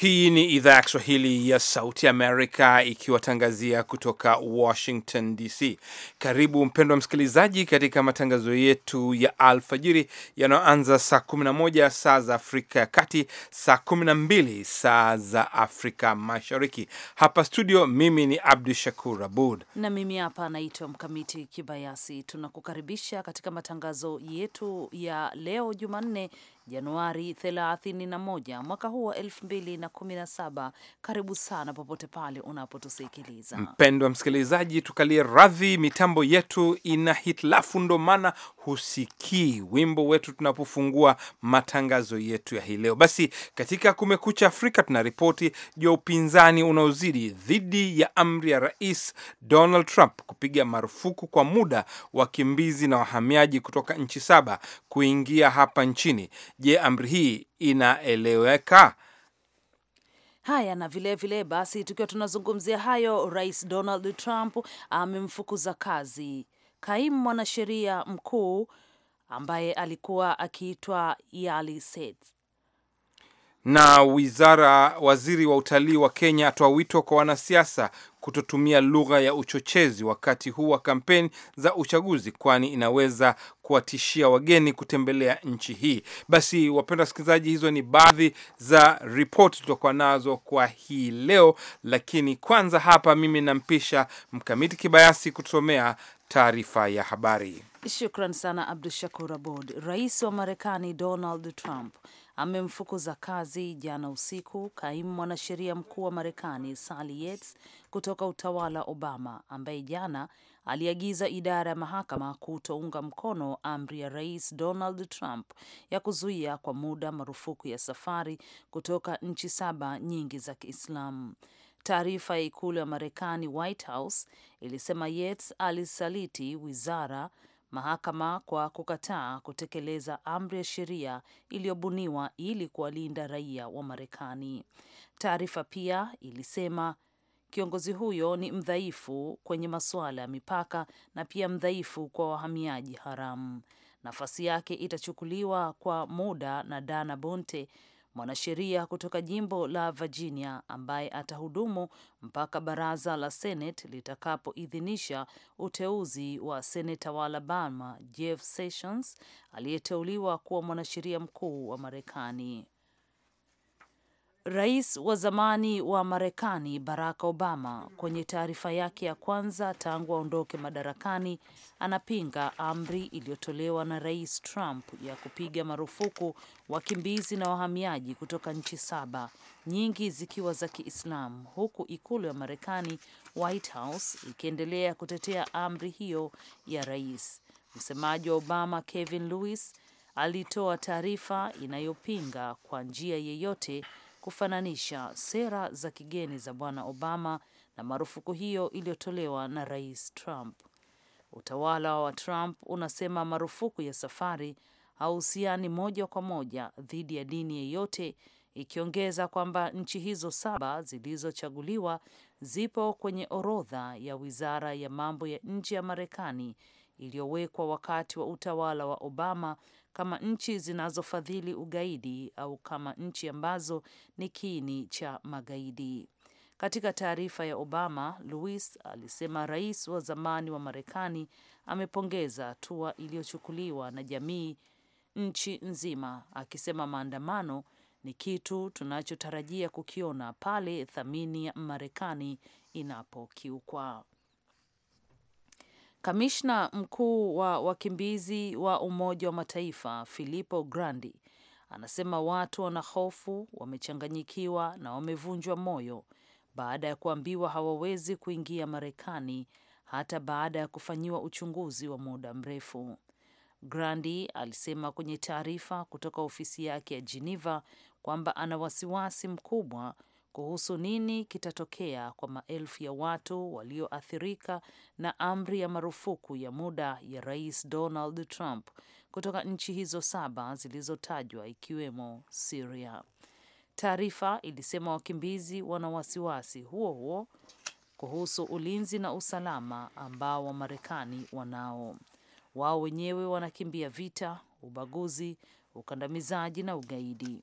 Hii ni idhaa ya Kiswahili ya Sauti Amerika ikiwatangazia kutoka Washington DC. Karibu mpendwa msikilizaji, katika matangazo yetu ya alfajiri yanayoanza saa 11 saa za Afrika ya Kati, saa 12 saa za Afrika Mashariki. Hapa studio, mimi ni Abdu Shakur Abud na mimi hapa anaitwa Mkamiti Kibayasi. Tunakukaribisha katika matangazo yetu ya leo Jumanne Januari 31 mwaka huu wa 2017. Karibu sana popote pale unapotusikiliza mpendwa msikilizaji, tukalie radhi, mitambo yetu ina hitilafu, ndo maana husikii wimbo wetu tunapofungua matangazo yetu ya hii leo. Basi katika Kumekucha Afrika tuna ripoti juu ya upinzani unaozidi dhidi ya amri ya Rais Donald Trump kupiga marufuku kwa muda wakimbizi na wahamiaji kutoka nchi saba kuingia hapa nchini Je, amri hii inaeleweka? Haya, na vilevile vile, basi tukiwa tunazungumzia hayo, Rais Donald Trump amemfukuza kazi kaimu mwanasheria mkuu ambaye alikuwa akiitwa Yali Sets. Na wizara waziri wa utalii wa Kenya atoa wito kwa wanasiasa kutotumia lugha ya uchochezi wakati huu wa kampeni za uchaguzi, kwani inaweza kuwatishia wageni kutembelea nchi hii. Basi wapenda wasikilizaji, hizo ni baadhi za ripoti tutakuwa nazo kwa hii leo, lakini kwanza hapa mimi nampisha Mkamiti Kibayasi kutusomea taarifa ya habari. Shukran sana Abdu Shakur Abod. Rais wa Marekani Donald Trump amemfukuza kazi jana usiku kaimu mwanasheria mkuu wa Marekani Sally Yates kutoka utawala Obama, ambaye jana aliagiza idara ya mahakama kutounga mkono amri ya Rais Donald Trump ya kuzuia kwa muda marufuku ya safari kutoka nchi saba nyingi za Kiislamu. Taarifa ya ikulu ya Marekani, White House, ilisema Yates alisaliti wizara mahakama kwa kukataa kutekeleza amri ya sheria iliyobuniwa ili kuwalinda raia wa Marekani. Taarifa pia ilisema kiongozi huyo ni mdhaifu kwenye masuala ya mipaka na pia mdhaifu kwa wahamiaji haramu. Nafasi yake itachukuliwa kwa muda na Dana Bonte mwanasheria kutoka jimbo la Virginia ambaye atahudumu mpaka baraza la Senate litakapoidhinisha uteuzi wa seneta wa Alabama Jeff Sessions aliyeteuliwa kuwa mwanasheria mkuu wa Marekani. Rais wa zamani wa Marekani Barack Obama kwenye taarifa yake ya kwanza tangu aondoke madarakani anapinga amri iliyotolewa na Rais Trump ya kupiga marufuku wakimbizi na wahamiaji kutoka nchi saba, nyingi zikiwa za Kiislamu, huku ikulu ya Marekani White House ikiendelea kutetea amri hiyo ya rais. Msemaji wa Obama Kevin Lewis alitoa taarifa inayopinga kwa njia yeyote kufananisha sera za kigeni za Bwana Obama na marufuku hiyo iliyotolewa na Rais Trump. Utawala wa Trump unasema marufuku ya safari hauhusiani moja kwa moja dhidi ya dini yeyote, ikiongeza kwamba nchi hizo saba zilizochaguliwa zipo kwenye orodha ya Wizara ya Mambo ya Nje ya Marekani iliyowekwa wakati wa utawala wa Obama kama nchi zinazofadhili ugaidi au kama nchi ambazo ni kiini cha magaidi. Katika taarifa ya Obama, Louis alisema rais wa zamani wa Marekani amepongeza hatua iliyochukuliwa na jamii nchi nzima, akisema maandamano ni kitu tunachotarajia kukiona pale thamani ya Marekani inapokiukwa. Kamishna mkuu wa wakimbizi wa Umoja wa Mataifa Filippo Grandi anasema watu wana hofu, wamechanganyikiwa na wamevunjwa moyo baada ya kuambiwa hawawezi kuingia Marekani hata baada ya kufanyiwa uchunguzi wa muda mrefu. Grandi alisema kwenye taarifa kutoka ofisi yake ya Geneva kwamba ana wasiwasi mkubwa kuhusu nini kitatokea kwa maelfu ya watu walioathirika na amri ya marufuku ya muda ya Rais Donald Trump kutoka nchi hizo saba zilizotajwa ikiwemo siria Taarifa ilisema wakimbizi wana wasiwasi huo huo kuhusu ulinzi na usalama ambao Wamarekani wanao. Wao wenyewe wanakimbia vita, ubaguzi, ukandamizaji na ugaidi.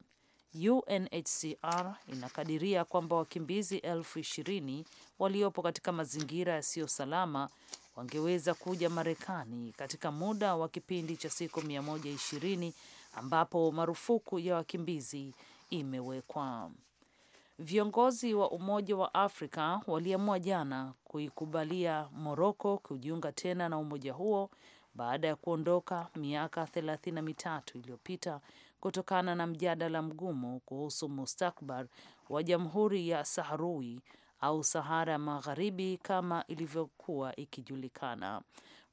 UNHCR inakadiria kwamba wakimbizi elfu ishirini waliopo katika mazingira yasiyo salama wangeweza kuja Marekani katika muda wa kipindi cha siku 120 ambapo marufuku ya wakimbizi imewekwa. Viongozi wa Umoja wa Afrika waliamua jana kuikubalia Moroko kujiunga tena na umoja huo baada ya kuondoka miaka thelathini na mitatu iliyopita kutokana na mjadala mgumu kuhusu mustakbar wa jamhuri ya saharui au Sahara Magharibi kama ilivyokuwa ikijulikana.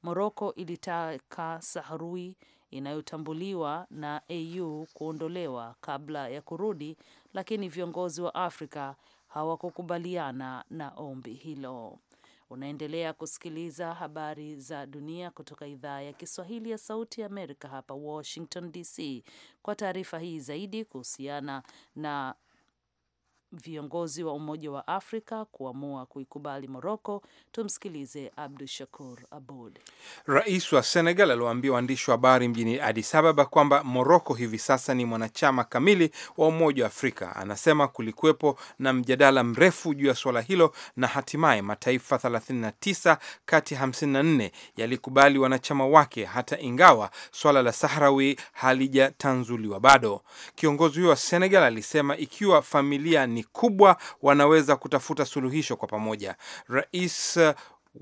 Moroko ilitaka saharui inayotambuliwa na AU kuondolewa kabla ya kurudi, lakini viongozi wa Afrika hawakukubaliana na ombi hilo. Unaendelea kusikiliza habari za dunia kutoka idhaa ya Kiswahili ya Sauti ya Amerika hapa Washington DC. Kwa taarifa hii zaidi kuhusiana na viongozi wa Umoja wa Afrika kuamua kuikubali Moroko. Tumsikilize Abdu Shakur Abud. Rais wa Senegal aliwaambia waandishi wa habari mjini Adis Ababa kwamba Moroko hivi sasa ni mwanachama kamili wa Umoja wa Afrika. Anasema kulikuwepo na mjadala mrefu juu ya suala hilo na hatimaye mataifa 39 kati ya 54 yalikubali wanachama wake, hata ingawa swala la Sahrawi halijatanzuliwa bado. Kiongozi huyo wa Senegal alisema ikiwa familia ni ni kubwa, wanaweza kutafuta suluhisho kwa pamoja. Rais uh,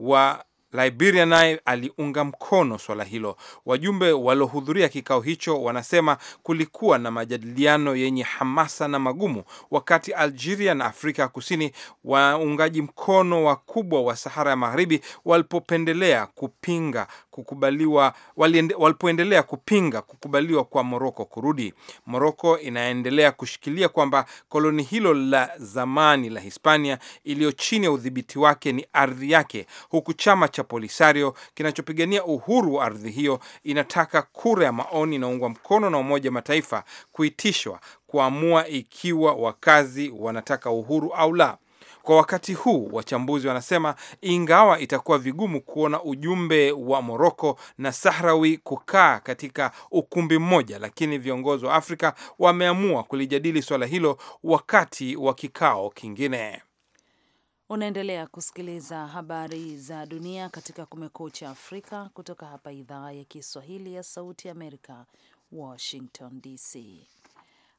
wa Liberia naye aliunga mkono swala hilo. Wajumbe waliohudhuria kikao hicho wanasema kulikuwa na majadiliano yenye hamasa na magumu, wakati Algeria na Afrika ya Kusini, waungaji mkono wakubwa wa Sahara ya Magharibi, walipopendelea kupinga kukubaliwa walipoendelea kupinga kukubaliwa kwa Moroko kurudi. Moroko inaendelea kushikilia kwamba koloni hilo la zamani la Hispania iliyo chini ya udhibiti wake ni ardhi yake, huku chama cha Polisario kinachopigania uhuru wa ardhi hiyo inataka kura ya maoni inaungwa mkono na Umoja wa Mataifa kuitishwa kuamua ikiwa wakazi wanataka uhuru au la. Kwa wakati huu, wachambuzi wanasema ingawa itakuwa vigumu kuona ujumbe wa Moroko na Sahrawi kukaa katika ukumbi mmoja, lakini viongozi wa Afrika wameamua kulijadili suala hilo wakati wa kikao kingine. Unaendelea kusikiliza habari za dunia katika Kumekucha Afrika kutoka hapa idhaa ya Kiswahili ya Sauti ya Amerika, Washington DC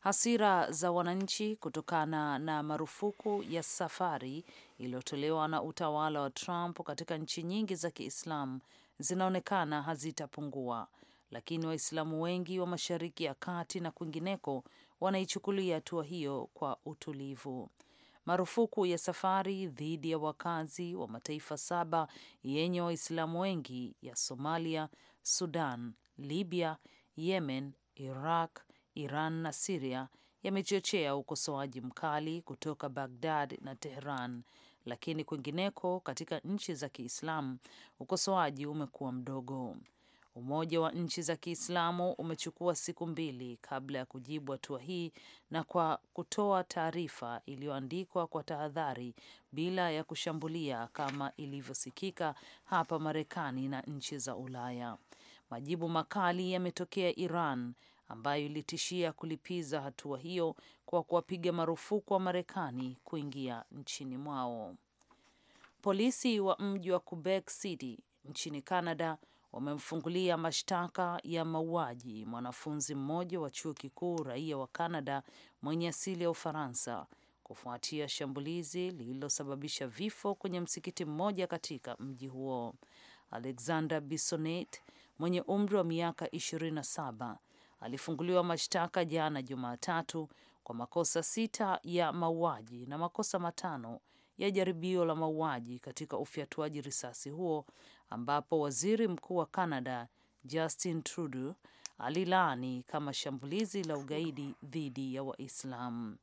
hasira za wananchi kutokana na marufuku ya safari iliyotolewa na utawala wa Trump katika nchi nyingi za Kiislamu zinaonekana hazitapungua, lakini Waislamu wengi wa Mashariki ya Kati na kwingineko wanaichukulia hatua hiyo kwa utulivu. Marufuku ya safari dhidi ya wakazi wa mataifa saba yenye Waislamu wengi ya Somalia, Sudan, Libya, Yemen, Iraq, Iran na Siria yamechochea ukosoaji mkali kutoka Bagdad na Tehran, lakini kwingineko katika nchi za Kiislamu ukosoaji umekuwa mdogo. Umoja wa nchi za Kiislamu umechukua siku mbili kabla ya kujibu hatua hii na kwa kutoa taarifa iliyoandikwa kwa tahadhari bila ya kushambulia kama ilivyosikika hapa Marekani na nchi za Ulaya. Majibu makali yametokea Iran ambayo ilitishia kulipiza hatua hiyo kwa kuwapiga marufuku wa Marekani kuingia nchini mwao. Polisi wa mji wa Quebec City nchini Canada wamemfungulia mashtaka ya mauaji mwanafunzi mmoja wa chuo kikuu raia wa Canada mwenye asili ya Ufaransa kufuatia shambulizi lililosababisha vifo kwenye msikiti mmoja katika mji huo. Alexander Bissonnette mwenye umri wa miaka 27 alifunguliwa mashtaka jana Jumatatu kwa makosa sita ya mauaji na makosa matano ya jaribio la mauaji katika ufyatuaji risasi huo, ambapo waziri mkuu wa Canada Justin Trudeau alilaani kama shambulizi la ugaidi dhidi ya Waislamu.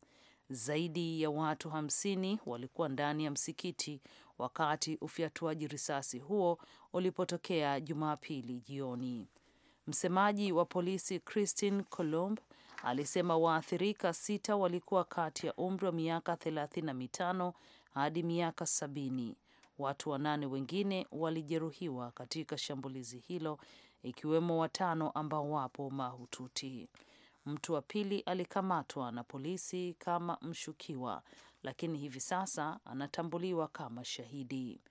Zaidi ya watu hamsini walikuwa ndani ya msikiti wakati ufyatuaji risasi huo ulipotokea Jumapili jioni. Msemaji wa polisi Christine Colomb alisema waathirika sita walikuwa kati ya umri wa miaka thelathini na mitano hadi miaka sabini. Watu wanane wengine walijeruhiwa katika shambulizi hilo, ikiwemo watano ambao wapo mahututi. Mtu wa pili alikamatwa na polisi kama mshukiwa, lakini hivi sasa anatambuliwa kama shahidi.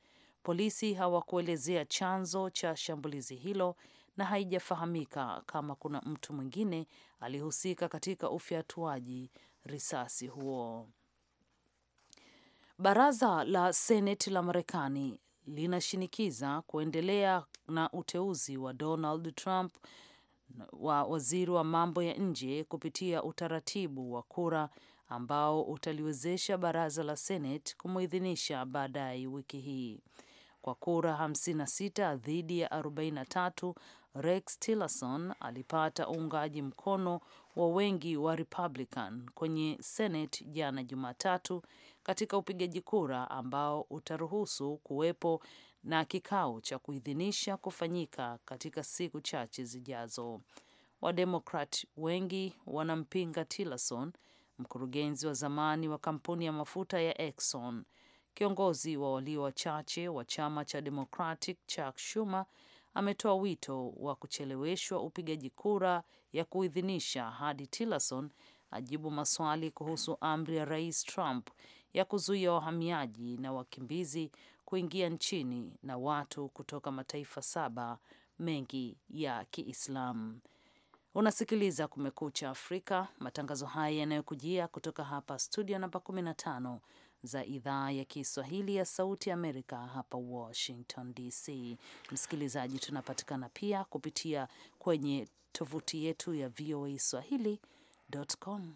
Polisi hawakuelezea chanzo cha shambulizi hilo na haijafahamika kama kuna mtu mwingine alihusika katika ufyatuaji risasi huo. Baraza la Seneti la Marekani linashinikiza kuendelea na uteuzi wa Donald Trump wa waziri wa mambo ya nje kupitia utaratibu wa kura ambao utaliwezesha baraza la Seneti kumwidhinisha baadaye wiki hii kwa kura 56 dhidi ya 43. Rex Tillerson alipata uungaji mkono wa wengi wa Republican kwenye Senate jana Jumatatu katika upigaji kura ambao utaruhusu kuwepo na kikao cha kuidhinisha kufanyika katika siku chache zijazo. Wademokrat wengi wanampinga Tillerson, mkurugenzi wa zamani wa kampuni ya mafuta ya Exxon Kiongozi wa walio wachache wa chama cha Democratic Chuck Schumer ametoa wito wa kucheleweshwa upigaji kura ya kuidhinisha hadi Tillerson ajibu maswali kuhusu amri ya Rais Trump ya kuzuia wahamiaji na wakimbizi kuingia nchini na watu kutoka mataifa saba mengi ya Kiislamu. Unasikiliza Kumekucha Afrika, matangazo haya yanayokujia kutoka hapa studio namba 15 za idhaa ya Kiswahili ya Sauti Amerika hapa Washington DC. Msikilizaji, tunapatikana pia kupitia kwenye tovuti yetu ya voa swahili.com.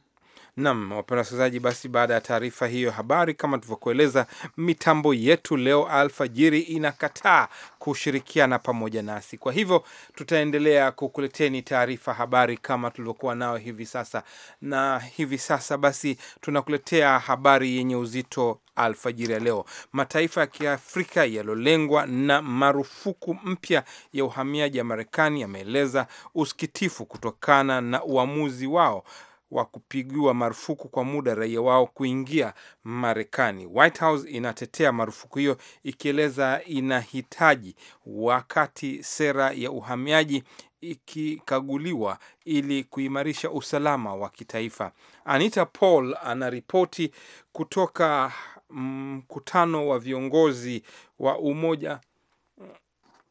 Nam, wapenda wasikilizaji, basi baada ya taarifa hiyo habari, kama tulivyokueleza, mitambo yetu leo alfajiri inakataa kushirikiana pamoja nasi. Kwa hivyo tutaendelea kukuleteni taarifa habari kama tulivyokuwa nayo hivi sasa, na hivi sasa basi tunakuletea habari yenye uzito alfajiri ya leo. Mataifa ya Kiafrika yaliyolengwa na marufuku mpya ya uhamiaji ya Marekani yameeleza usikitifu kutokana na uamuzi wao wa kupigiwa marufuku kwa muda raia wao kuingia Marekani. White House inatetea marufuku hiyo ikieleza inahitaji wakati sera ya uhamiaji ikikaguliwa ili kuimarisha usalama wa kitaifa. Anita Paul anaripoti kutoka mm, mkutano wa viongozi wa Umoja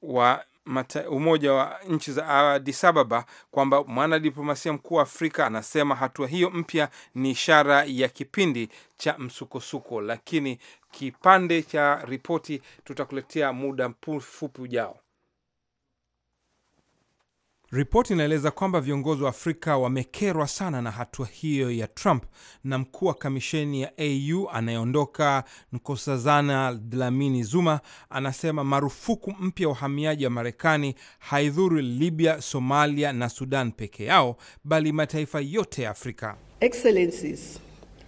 wa mata, umoja wa nchi za Addis Ababa kwamba mwanadiplomasia mkuu wa Afrika anasema hatua hiyo mpya ni ishara ya kipindi cha msukosuko, lakini kipande cha ripoti tutakuletea muda mfupi ujao. Ripoti inaeleza kwamba viongozi wa Afrika wamekerwa sana na hatua hiyo ya Trump, na mkuu wa kamisheni ya AU anayeondoka Nkosazana Dlamini Zuma anasema marufuku mpya ya uhamiaji wa Marekani haidhuru Libya, Somalia na Sudan peke yao, bali mataifa yote ya Afrika. Excellencies.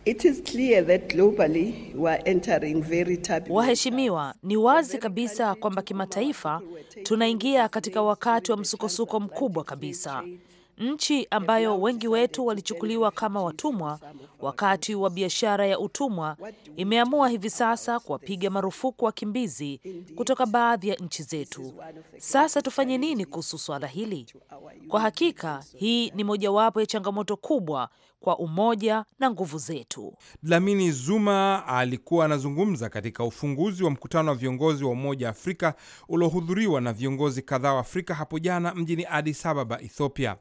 It is clear that globally we are entering very turbulent... Waheshimiwa, ni wazi kabisa kwamba kimataifa tunaingia katika wakati wa msukosuko mkubwa kabisa nchi ambayo wengi wetu walichukuliwa kama watumwa wakati wa biashara ya utumwa imeamua hivi sasa kuwapiga marufuku wakimbizi kutoka baadhi ya nchi zetu. Sasa tufanye nini kuhusu swala hili? Kwa hakika, hii ni mojawapo ya changamoto kubwa kwa umoja na nguvu zetu. Dlamini Zuma alikuwa anazungumza katika ufunguzi wa mkutano wa viongozi wa Umoja wa Afrika uliohudhuriwa na viongozi kadhaa wa Afrika hapo jana mjini Addis Ababa, Ethiopia.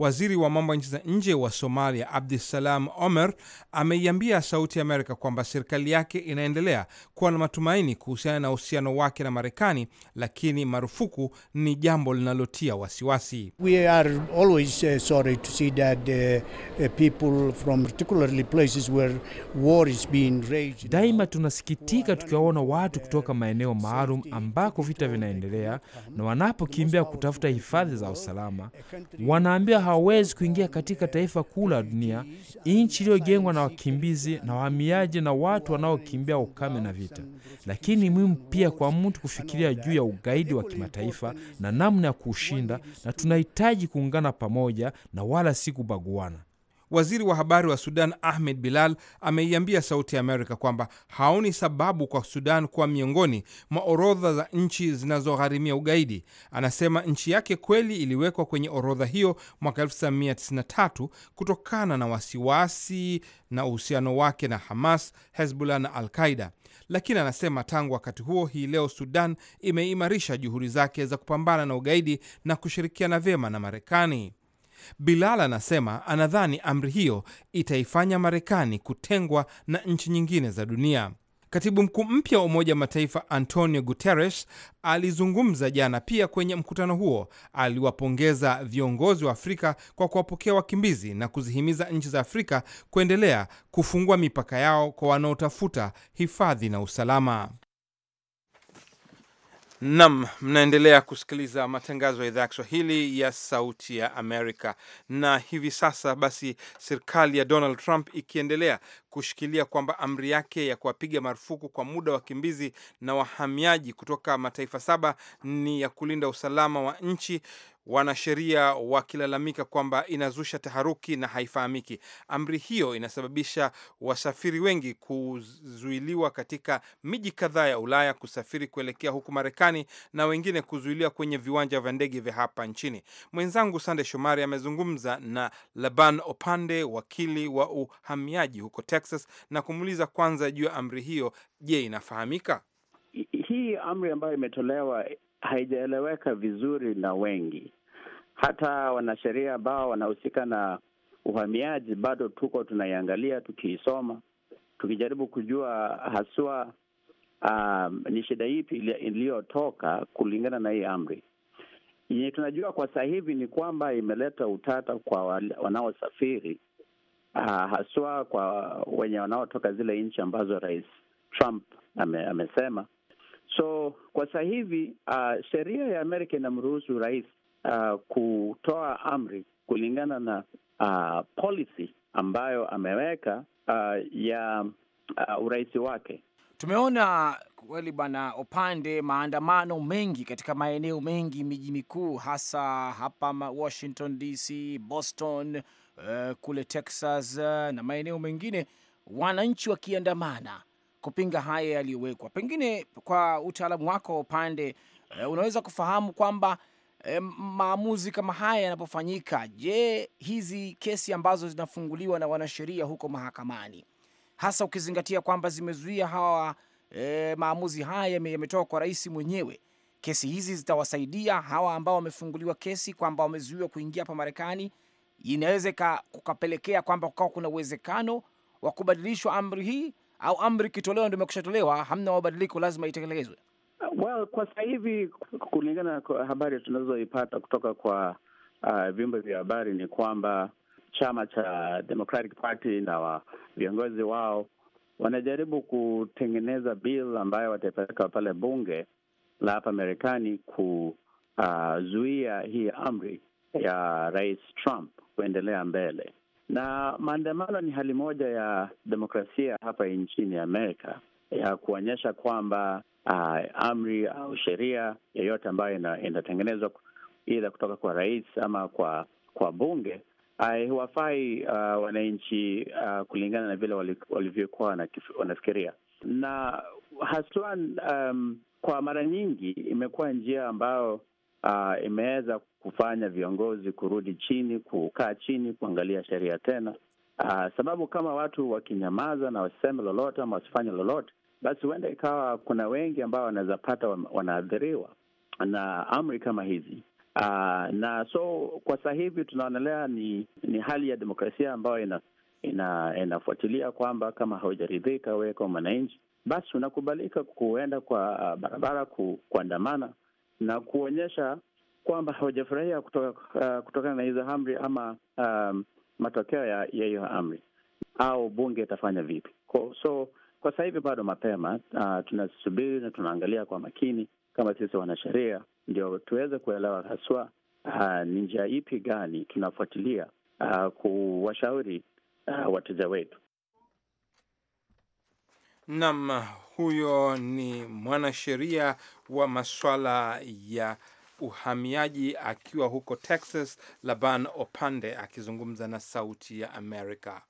Waziri wa mambo ya nchi za nje wa Somalia Abdisalam Omer ameiambia Sauti ya Amerika kwamba serikali yake inaendelea kuwa na matumaini kuhusiana na uhusiano wake na Marekani, lakini marufuku ni jambo linalotia wasiwasi. Uh, uh, uh, Daima tunasikitika tukiwaona watu kutoka maeneo maalum ambako vita vinaendelea na wanapokimbia kutafuta hifadhi za usalama wanaambia hawawezi kuingia katika taifa kuu la dunia, nchi iliyojengwa na wakimbizi na wahamiaji na watu wanaokimbia ukame na vita. Lakini ni muhimu pia kwa mtu kufikiria juu ya ugaidi wa kimataifa na namna ya kuushinda, na tunahitaji kuungana pamoja na wala si kubaguana. Waziri wa habari wa Sudan Ahmed Bilal ameiambia Sauti ya Amerika kwamba haoni sababu kwa Sudan kuwa miongoni mwa orodha za nchi zinazogharimia ugaidi. Anasema nchi yake kweli iliwekwa kwenye orodha hiyo mwaka 1993 kutokana na wasiwasi na uhusiano wake na Hamas, Hezbollah na Al-Qaida, lakini anasema tangu wakati huo hii leo Sudan imeimarisha juhudi zake za kupambana na ugaidi na kushirikiana vyema na Marekani. Bilal anasema anadhani amri hiyo itaifanya Marekani kutengwa na nchi nyingine za dunia. Katibu mkuu mpya wa Umoja wa Mataifa Antonio Guterres alizungumza jana pia kwenye mkutano huo. Aliwapongeza viongozi wa Afrika kwa kuwapokea wakimbizi na kuzihimiza nchi za Afrika kuendelea kufungua mipaka yao kwa wanaotafuta hifadhi na usalama. Nam, mnaendelea kusikiliza matangazo ya idhaa ya Kiswahili ya Sauti ya Amerika. Na hivi sasa basi, serikali ya Donald Trump ikiendelea kushikilia kwamba amri yake ya kuwapiga marufuku kwa muda wakimbizi na wahamiaji kutoka mataifa saba ni ya kulinda usalama wa nchi, wanasheria wakilalamika kwamba inazusha taharuki na haifahamiki. Amri hiyo inasababisha wasafiri wengi kuzuiliwa katika miji kadhaa ya Ulaya kusafiri kuelekea huku Marekani na wengine kuzuiliwa kwenye viwanja vya ndege vya hapa nchini. Mwenzangu Sande Shomari amezungumza na Laban Opande, wakili wa uhamiaji huko Texas, na kumuuliza kwanza juu ya amri hiyo. Je, inafahamika hii amri ambayo imetolewa haijaeleweka vizuri na wengi, hata wanasheria ambao wanahusika na uhamiaji. Bado tuko tunaiangalia, tukiisoma, tukijaribu kujua haswa um, ni shida ipi iliyotoka kulingana na hii amri yenye tunajua kwa sasa hivi ni kwamba imeleta utata kwa wanaosafiri uh, haswa kwa wenye wanaotoka zile nchi ambazo Rais Trump ame, amesema So kwa sasa hivi uh, sheria ya Amerika inamruhusu rais uh, kutoa amri kulingana na uh, policy ambayo ameweka uh, ya uh, urais wake. Tumeona kweli bwana upande maandamano mengi katika maeneo mengi, miji mikuu, hasa hapa Washington DC, Boston, uh, kule Texas uh, na maeneo mengine, wananchi wakiandamana kupinga haya yaliyowekwa. Pengine kwa utaalamu wako wa upande e, unaweza kufahamu kwamba e, maamuzi kama haya yanapofanyika, je, hizi kesi ambazo zinafunguliwa na wanasheria huko mahakamani, hasa ukizingatia kwamba zimezuia hawa e, maamuzi haya yametoka kwa rais mwenyewe kesi hizi zitawasaidia hawa ambao wamefunguliwa kesi kwamba wamezuiwa kuingia hapa Marekani. Inaweza kukapelekea kwamba kukawa kuna uwezekano wa kubadilishwa amri hii au amri ikitolewa ndio imekushatolewa, hamna mabadiliko, lazima itekelezwe? Well, kwa sasa hivi kulingana na habari tunazoipata kutoka kwa uh, vyombo vya habari ni kwamba chama cha Democratic Party na wa, viongozi wao wanajaribu kutengeneza bill ambayo wataipeleka pale bunge la hapa Marekani kuzuia uh, hii amri ya Rais Trump kuendelea mbele na maandamano ni hali moja ya demokrasia hapa nchini Amerika ya kuonyesha kwamba uh, amri au sheria yoyote ambayo inatengenezwa idha kutoka kwa rais ama kwa kwa bunge ah, haiwafai uh, wananchi uh, kulingana na vile walivyokuwa wanafikiria, na haswa um, kwa mara nyingi imekuwa njia ambayo uh, imeweza kufanya viongozi kurudi chini, kukaa chini, kuangalia sheria tena. Aa, ah, sababu kama watu wakinyamaza na wasiseme lolote ama wasifanye lolote, basi huenda ikawa kuna wengi ambao wanaweza pata wanaathiriwa na amri kama hizi. Aa, ah, na so kwa sasa hivi tunaonelea ni ni hali ya demokrasia ambayo ina, ina, inafuatilia kwamba kama haujaridhika wewe kama mwananchi, basi unakubalika kuenda kwa ah, barabara ku, kuandamana na kuonyesha kwamba hawajafurahia uh, kutokana uh, na hizo amri ama um, matokeo ya hiyo amri au bunge itafanya vipi. so kwa sasa hivi bado mapema, uh, tunasubiri na tunaangalia kwa makini kama sisi wanasheria, ndio tuweze kuelewa haswa uh, ni njia ipi gani tunafuatilia uh, kuwashauri uh, wateja wetu. nam huyo ni mwanasheria wa maswala ya uhamiaji akiwa huko Texas. Laban Opande akizungumza na Sauti ya Amerika.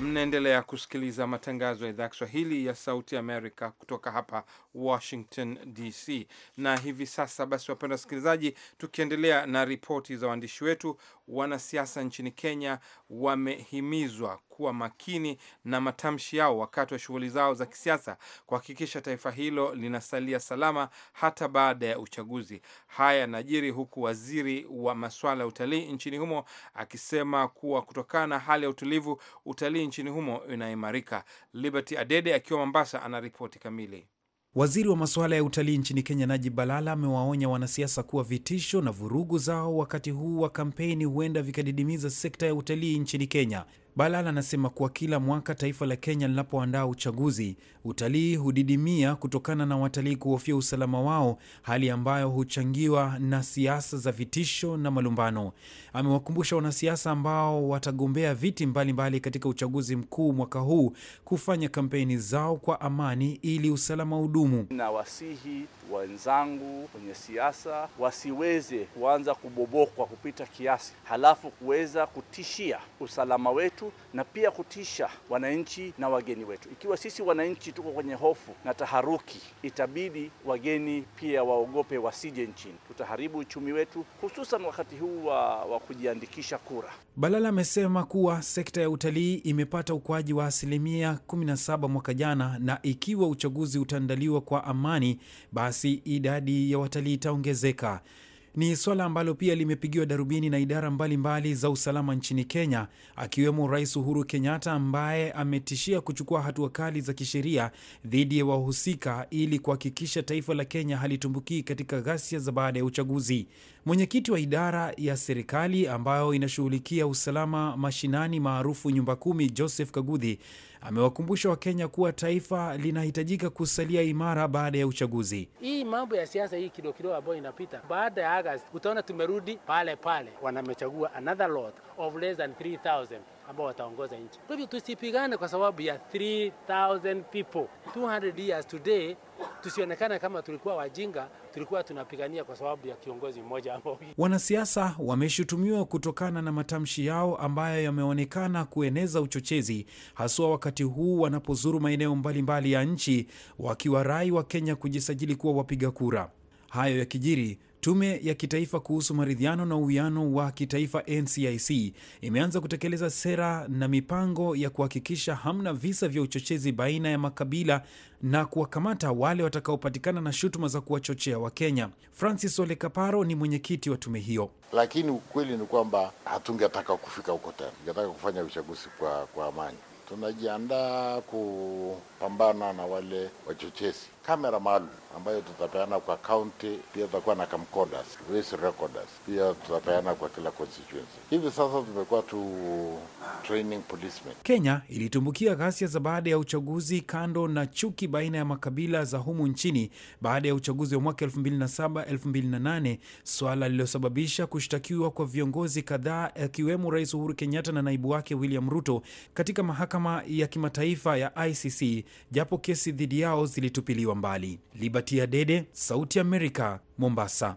Mnaendelea kusikiliza matangazo ya idhaa ya Kiswahili ya Sauti Amerika kutoka hapa Washington DC. Na hivi sasa basi, wapenda wasikilizaji, tukiendelea na ripoti za waandishi wetu, wanasiasa nchini Kenya wamehimizwa kuwa makini na matamshi yao wakati wa shughuli zao za kisiasa kuhakikisha taifa hilo linasalia salama hata baada ya uchaguzi. Haya yanajiri huku waziri wa masuala ya utalii nchini humo akisema kuwa kutokana na hali ya utulivu, utalii nchini humo inaimarika. Liberty Adede akiwa Mombasa anaripoti kamili. Waziri wa masuala ya utalii nchini Kenya, Najib Balala, amewaonya wanasiasa kuwa vitisho na vurugu zao wakati huu wa kampeni huenda vikadidimiza sekta ya utalii nchini Kenya. Balala anasema kuwa kila mwaka taifa la Kenya linapoandaa uchaguzi, utalii hudidimia kutokana na watalii kuhofia usalama wao, hali ambayo huchangiwa na siasa za vitisho na malumbano. Amewakumbusha wanasiasa ambao watagombea viti mbalimbali mbali katika uchaguzi mkuu mwaka huu kufanya kampeni zao kwa amani ili usalama udumu. Nawasihi wenzangu kwenye siasa wasiweze kuanza kubobokwa kupita kiasi, halafu kuweza kutishia usalama wetu wetu na pia kutisha wananchi na wageni wetu. Ikiwa sisi wananchi tuko kwenye hofu na taharuki, itabidi wageni pia waogope wasije nchini. Tutaharibu uchumi wetu, hususan wakati huu wa, wa kujiandikisha kura. Balala amesema kuwa sekta ya utalii imepata ukuaji wa asilimia 17 mwaka jana, na ikiwa uchaguzi utaandaliwa kwa amani, basi idadi ya watalii itaongezeka. Ni swala ambalo pia limepigiwa darubini na idara mbalimbali mbali za usalama nchini Kenya, akiwemo Rais Uhuru Kenyatta ambaye ametishia kuchukua hatua kali za kisheria dhidi ya wahusika ili kuhakikisha taifa la Kenya halitumbukii katika ghasia za baada ya uchaguzi. Mwenyekiti wa idara ya serikali ambayo inashughulikia usalama mashinani maarufu nyumba kumi, Joseph Kaguthi amewakumbusha Wakenya kuwa taifa linahitajika kusalia imara baada ya uchaguzi. Hii mambo ya siasa hii kidogo kidogo ambayo inapita baada ya Agosti, utaona tumerudi pale pale, wanamechagua another lot of less than 3000 ambao wataongoza nchi. Kwa hivyo tusipigane kwa sababu ya 3000 people 200 years today, tusionekana kama tulikuwa wajinga, tulikuwa tunapigania kwa sababu ya kiongozi mmoja ambao. Wanasiasa wameshutumiwa kutokana na matamshi yao ambayo yameonekana kueneza uchochezi, haswa wakati huu wanapozuru maeneo mbalimbali ya nchi, wakiwarai kenya kujisajili kuwa wapiga kura. Hayo yakijiri Tume ya Kitaifa kuhusu Maridhiano na Uwiano wa Kitaifa, NCIC, imeanza kutekeleza sera na mipango ya kuhakikisha hamna visa vya uchochezi baina ya makabila na kuwakamata wale watakaopatikana na shutuma za kuwachochea Wakenya. Francis Ole Kaparo ni mwenyekiti wa tume hiyo. Lakini ukweli ni kwamba hatungetaka kufika huko tena, tungetaka kufanya uchaguzi kwa, kwa amani. Tunajiandaa kupambana na wale wachochezi kamera maalum ambayo tutapeana kwa kaunti, pia tutakuwa na camcorders, race recorders, pia tutapeana kwa kila constituency. Hivi sasa tumekuwa tu training policemen. Kenya ilitumbukia ghasia za baada ya uchaguzi, kando na chuki baina ya makabila za humu nchini baada ya uchaguzi wa mwaka 2007 2008, swala lililosababisha kushtakiwa kwa viongozi kadhaa akiwemo Rais Uhuru Kenyatta na naibu wake William Ruto katika mahakama ya kimataifa ya ICC, japo kesi dhidi yao zilitupiliwa wa mbali. Liberty Adede, Sauti Amerika, Mombasa.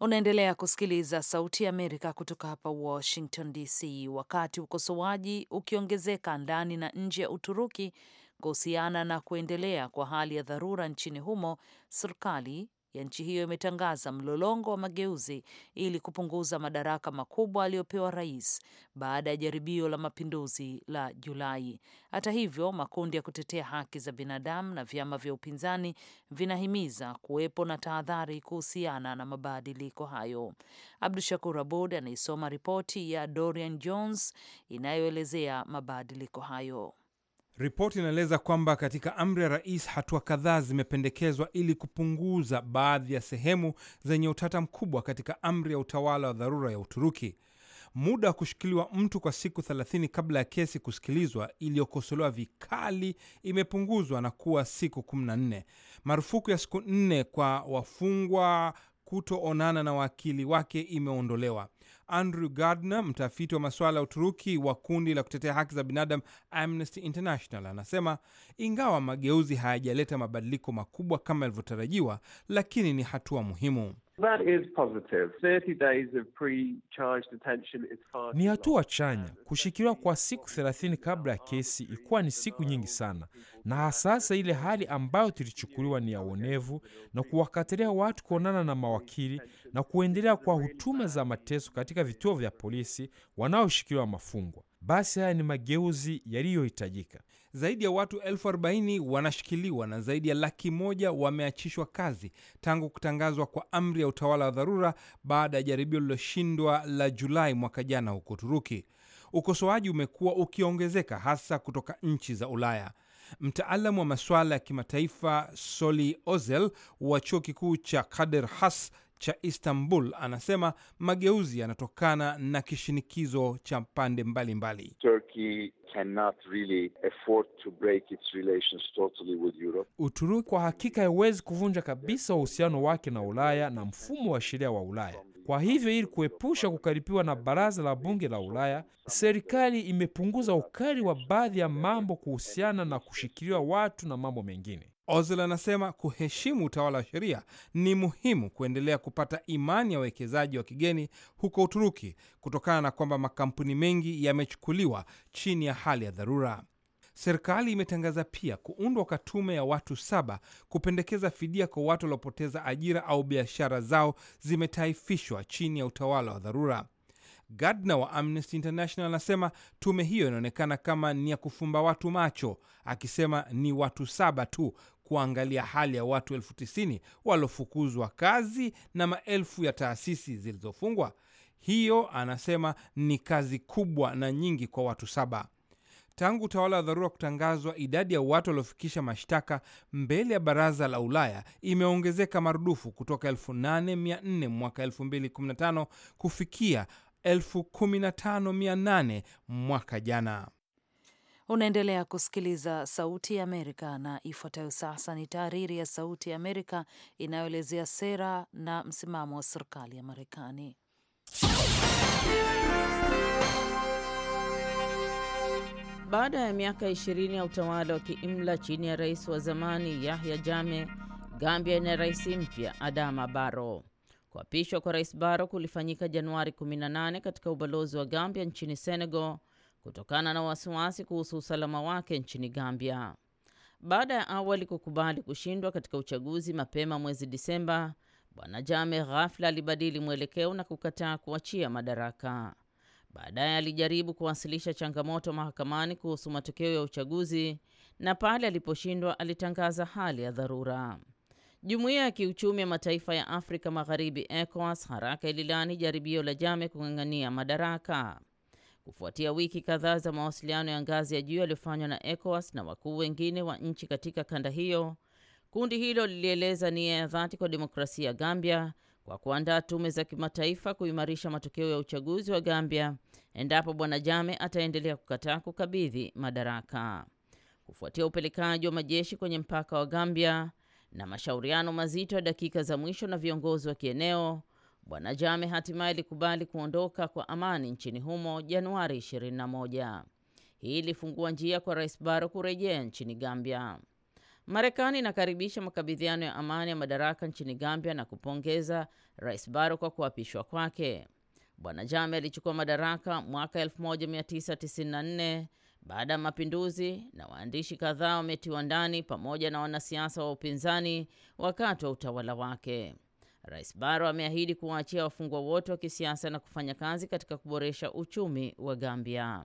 Unaendelea kusikiliza Sauti ya Amerika kutoka hapa Washington DC. Wakati ukosoaji ukiongezeka ndani na nje ya Uturuki kuhusiana na kuendelea kwa hali ya dharura nchini humo, serikali ya nchi hiyo imetangaza mlolongo wa mageuzi ili kupunguza madaraka makubwa aliyopewa rais baada ya jaribio la mapinduzi la Julai. Hata hivyo, makundi ya kutetea haki za binadamu na vyama vya upinzani vinahimiza kuwepo na tahadhari kuhusiana na mabadiliko hayo. Abdu Shakur Abud anaisoma ripoti ya Dorian Jones inayoelezea mabadiliko hayo. Ripoti inaeleza kwamba katika amri ya rais, hatua kadhaa zimependekezwa ili kupunguza baadhi ya sehemu zenye utata mkubwa katika amri ya utawala wa dharura ya Uturuki. Muda wa kushikiliwa mtu kwa siku 30 kabla ya kesi kusikilizwa iliyokosolewa vikali imepunguzwa na kuwa siku 14. Marufuku ya siku nne kwa wafungwa kutoonana na wakili wake imeondolewa. Andrew Gardner, mtafiti wa masuala ya Uturuki wa kundi la kutetea haki za binadamu Amnesty International, anasema ingawa mageuzi hayajaleta mabadiliko makubwa kama yalivyotarajiwa, lakini ni hatua muhimu. Ni hatua chanya. Kushikiliwa kwa siku 30 kabla ya kesi ilikuwa ni siku nyingi sana, na hasasa ile hali ambayo tulichukuliwa ni ya uonevu na kuwakatalia watu kuonana na mawakili na kuendelea kwa hutuma za mateso katika vituo vya polisi wanaoshikiliwa mafungwa. Basi haya ni mageuzi yaliyohitajika. Zaidi ya watu elfu arobaini wanashikiliwa na zaidi ya laki moja wameachishwa kazi tangu kutangazwa kwa amri ya utawala wa dharura baada ya jaribio lililoshindwa la Julai mwaka jana huko Turuki. Ukosoaji umekuwa ukiongezeka hasa kutoka nchi za Ulaya. Mtaalam wa masuala ya kimataifa Soli Ozel wa chuo kikuu cha Kader Has cha Istanbul anasema mageuzi yanatokana na kishinikizo cha pande mbalimbali. Really Uturuki kwa hakika haiwezi kuvunja kabisa uhusiano wake na Ulaya na mfumo wa sheria wa Ulaya kwa hivyo, ili kuepusha kukaripiwa na baraza la bunge la Ulaya, serikali imepunguza ukali wa baadhi ya mambo kuhusiana na kushikiliwa watu na mambo mengine. Ozil anasema kuheshimu utawala wa sheria ni muhimu kuendelea kupata imani ya wawekezaji wa kigeni huko Uturuki kutokana na kwamba makampuni mengi yamechukuliwa chini ya hali ya dharura. Serikali imetangaza pia kuundwa kwa tume ya watu saba kupendekeza fidia kwa watu waliopoteza ajira au biashara zao zimetaifishwa chini ya utawala wa dharura. Gardner wa Amnesty International anasema tume hiyo inaonekana kama ni ya kufumba watu macho, akisema ni watu saba tu kuangalia hali ya watu elfu tisini waliofukuzwa kazi na maelfu ya taasisi zilizofungwa. Hiyo anasema ni kazi kubwa na nyingi kwa watu saba. Tangu utawala wa dharura kutangazwa, idadi ya watu waliofikisha mashtaka mbele ya baraza la Ulaya imeongezeka marudufu kutoka 8400 mwaka 2015 kufikia 15800 mwaka jana. Unaendelea kusikiliza Sauti ya Amerika na ifuatayo sasa ni tahariri ya Sauti ya Amerika inayoelezea sera na msimamo wa serikali ya Marekani. Baada ya miaka 20 ya utawala wa kiimla chini ya rais wa zamani Yahya jame Gambia ina rais mpya Adama baro Kuapishwa kwa rais baro kulifanyika Januari 18 katika ubalozi wa Gambia nchini Senegal kutokana na wasiwasi kuhusu usalama wake nchini Gambia baada ya awali kukubali kushindwa katika uchaguzi mapema mwezi Disemba. Bwana Jame ghafla alibadili mwelekeo na kukataa kuachia madaraka. Baadaye alijaribu kuwasilisha changamoto mahakamani kuhusu matokeo ya uchaguzi na pale aliposhindwa alitangaza hali ya dharura. Jumuiya ya Kiuchumi ya Mataifa ya Afrika Magharibi ECOWAS haraka ililani jaribio la Jame kung'ang'ania madaraka. Kufuatia wiki kadhaa za mawasiliano ya ngazi ya juu yaliyofanywa na ECOWAS na wakuu wengine wa nchi katika kanda hiyo, kundi hilo lilieleza nia ya dhati kwa demokrasia ya Gambia kwa kuandaa tume za kimataifa kuimarisha matokeo ya uchaguzi wa Gambia endapo bwana Jame ataendelea kukataa kukabidhi madaraka. Kufuatia upelekaji wa majeshi kwenye mpaka wa Gambia na mashauriano mazito ya dakika za mwisho na viongozi wa kieneo, bwana Jame hatimaye alikubali kuondoka kwa amani nchini humo Januari 21. Hii ilifungua njia kwa Rais Barrow kurejea nchini Gambia. Marekani inakaribisha makabidhiano ya amani ya madaraka nchini Gambia na kupongeza Rais Barrow kwa kuapishwa kwake. Bwana Jame alichukua madaraka mwaka 1994 baada ya mapinduzi, na waandishi kadhaa wametiwa ndani pamoja na wanasiasa wa upinzani wakati wa utawala wake. Rais Barrow ameahidi kuwaachia wafungwa wote wa kisiasa na kufanya kazi katika kuboresha uchumi wa Gambia.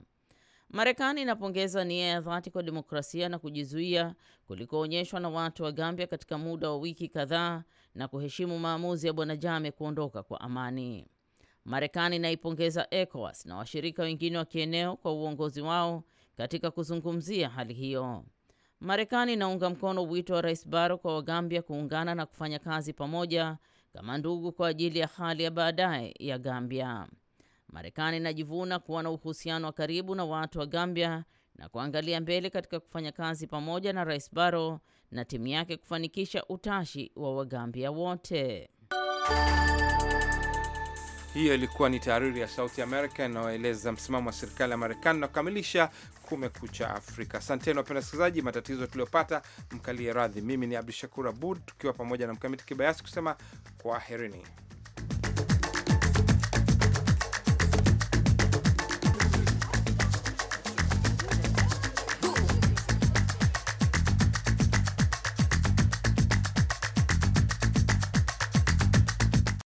Marekani inapongeza nia ya dhati kwa demokrasia na kujizuia kulikoonyeshwa na watu wa Gambia katika muda wa wiki kadhaa na kuheshimu maamuzi ya Bwana Jame kuondoka kwa amani. Marekani inaipongeza ECOWAS na washirika wengine wa kieneo kwa uongozi wao katika kuzungumzia hali hiyo. Marekani inaunga mkono wito wa Rais Barrow kwa Wagambia kuungana na kufanya kazi pamoja kama ndugu kwa ajili ya hali ya baadaye ya Gambia. Marekani inajivuna kuwa na uhusiano wa karibu na watu wa Gambia na kuangalia mbele katika kufanya kazi pamoja na Rais Barrow na timu yake kufanikisha utashi wa Wagambia wote. Hiyo ilikuwa ni tahariri ya Sauti Amerika inayoeleza msimamo wa serikali ya Marekani na kukamilisha Kumekucha Afrika. Asanteni wapenda wasikilizaji, matatizo tuliyopata mkalie radhi. Mimi ni Abdu Shakur Abud, tukiwa pamoja na Mkamiti Kibayasi kusema kwaherini.